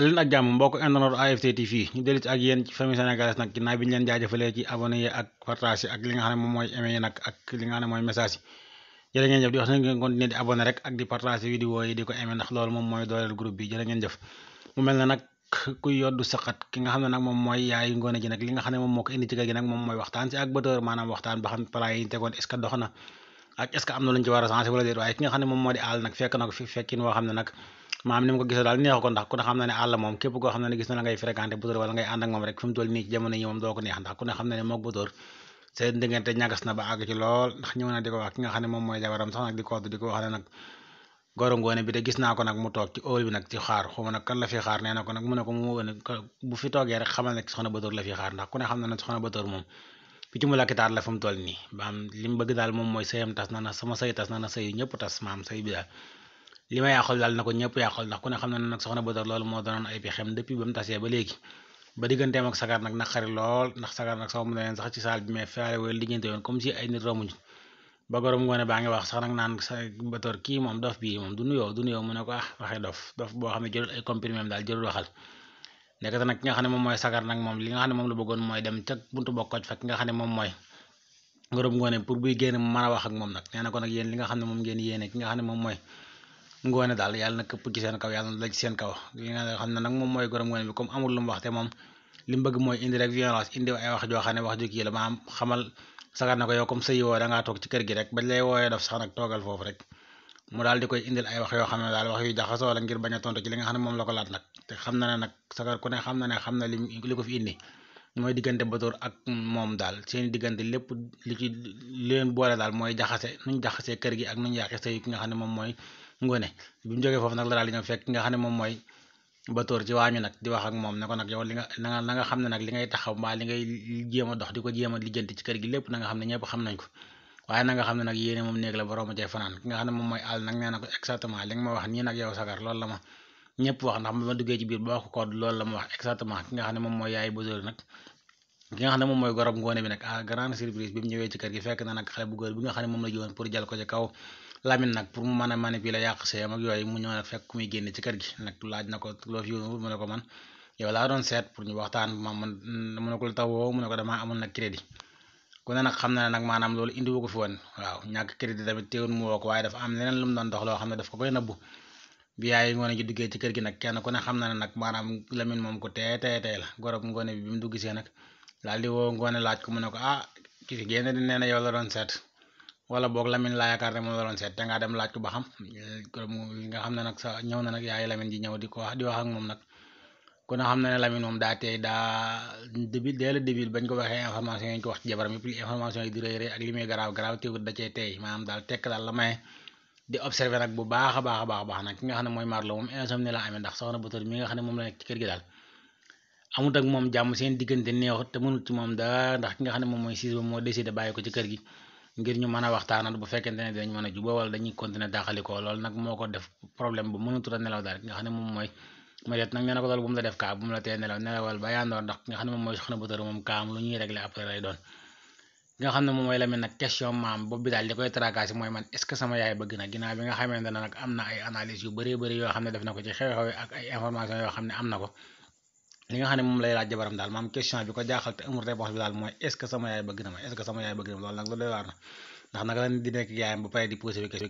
dalleen ak jàmm mbokk internet AFT TV nga xam ne moom mooy aimé yi ak li nga xam ne mooy mooy dooleel groupe bi jërë nga xam ne nag mooy waxtaan si ak bëtër maanaam waxtaan ba xam plat yi tegoon est-ce ak est am na luñ ci war a changé wala déet waaye ki nga xam ne moom moo di àll nag fekkin woo xam ne nag maam ni ko gisee daal neexu ko ndax ku ne xam na ne àll moom képp na la ngay ko xam na ne mook ne moom mooy jabaram sax nag di gis naa ko nag mu toog ci óol bi nag ci kan la fi ne ko mu wone bu fi toogee rek xamal ne soxna Batoor la fi xaar na ne soxna Batoor moom picc mu nii ba am li mu bëgg daal moom mooy sëyam tas na na sama sëy tas na na sëyu ñëpp tas maam sëy bi li ma yàqal daal na ko ñëpp yàqal ndax ku ne xam ne nag soxna Badar loolu moo doonoon ay pexeem depuis ba mu tasee ba léegi ba digganteem ak sagar nag naqari lool ndax sagar nag sama mu ne wax sax nag naan sa Bator kii moom dof bii moom du nuyoo ko ah waxee dof dof boo xam ne jëlul ay comprimé daal jëlul waxal nekkate nag ki nga xam ne moom mooy sagar nag moom li nga xam ne moom la bëggoon mooy dem ca buntu bokkooj fekk nga xam ne moom mooy gorom ngoone pour buy génn mën a wax ak moom nag nee na ko nag yéen li nga xam ne moom ngeen ngoone daal yàlla na këpp ci seen kaw yàlla na dal ne moom mooy gorom ngoone bi comme amul lu mu wax te moom li mu bëgg mooy indi rek violence indi ay wax xam ne ko yow daal ay wax yoo xam ne daal wax yu jaxasoo la ngir bañ a tontu ci li nga xam ne moom la ko xam na ne nag sagar ku ne xam na ne xam na li li ko fi indi mooy daal seen diggante lépp li ci leen boole daal mooy jaxase nuñ jaxasee kër gi ak nuñ yàqe sëy ki nga xam ne moom mooy Ngoné bi mu jógee foofu nag la daal di ñëw fekk nga xam ne moom mooy Batoor ci waañu nag di wax ak moom ne ko nag yow li nga na nga xam ne nag li ngay taxaw mbaa li ngay jéem a dox di ko jéem a lijjanti ci kër gi lépp na nga xam ne ñëpp xam nañ ko waaye na nga xam ne nag yéene moom néeg la borom cay fanaan ki nga xam ne moom mooy àll nag nee na ko exactement li nga ma wax nii nag yow sagar loolu la ma ñëpp wax ndax ma duggee ci biir ba wax ko kood loolu la ma wax exactement ki nga xam ne moom mooy yaay Batoor nag ki nga xam ne moom mooy gorob Ngoné bi nag à grande surprise bi mu ñëwee ci kër gi fekk na nag xale bu góor bi nga xam ne moom la jiwoon pour jal ko ci kaw Lamine nag pour mu mën a manipuler yàq seeyam yooyu mu ñëw fekk ku génne ci kër gi nag laaj na ko loo fi yóbbu mu ne ko man yow laa seet pour ñu waxtaan ma man mu ne ko lu tax woo mu ne ko damaa amoon nag na maanaam loolu indi wu ko fi woon waaw ñàkk crédit tamit teewul mu woo waaye dafa am leneen lu mu doon dox loo xam ne daf ko koy nëbbu bi yaay ngoone ji duggee ci kër gi nag kenn ku ne xam na ne nag maanaam Lamine moom ko tey tey la gorob ngoone bi bi mu dugg see nag daal di woo ngoone laaj ko mu ne ko ah wala boog Lamine laa yaakaar ne moom la doon seet te ngaa dem laaj ko ba xam nga xam ne nag sa ñëw na nag yaay Lamine ji ñëw di ko wax wax ak daa tey daa bañ ko waxee information yi wax ci jabaram yëpp di rëy ak li muy garaaw garaaw teewul da cee tey maanaam daal tekk daal la may di observé nag bu baax a baax a baax baax nag ki nga xam ne mooy Marlo moom insomnie la amee ndax soxna Bator mi nga xam ne moom la nekk ci kër gi daal amut ak moom jàmm seen diggante neexut te mënut ci moom dara ndax xam ne moom mooy siis ba moo décidé ko ci gi ngir ñu mën a waxtaanal bu fekkente ne dinañ mën a jubóo wala dañuy continuer dàqalikoo loolu nag moo ko def problème bu mënutu a nelaw daal nga xam ne moom mooy na ko loolu bu mu la def nag question maam boobu daal li koy tracasser mooy man est sama yaay bëgg na bi nga xamante ne nag am na ay analyse yu bëree bëri yoo xam ne def na ko ci xew-xew ak information yoo xam ne am na ko li nga xam ne moom lay laaj jabaram daal maam question bi ko jaaxal te amul réponse bi daal mooy est ce que sama yaay bëgg na ma est ce que sama yaay bëgg na ma loolu nag lu doy waar ndax naka la nit nekk yaayam ba pare di posé bi question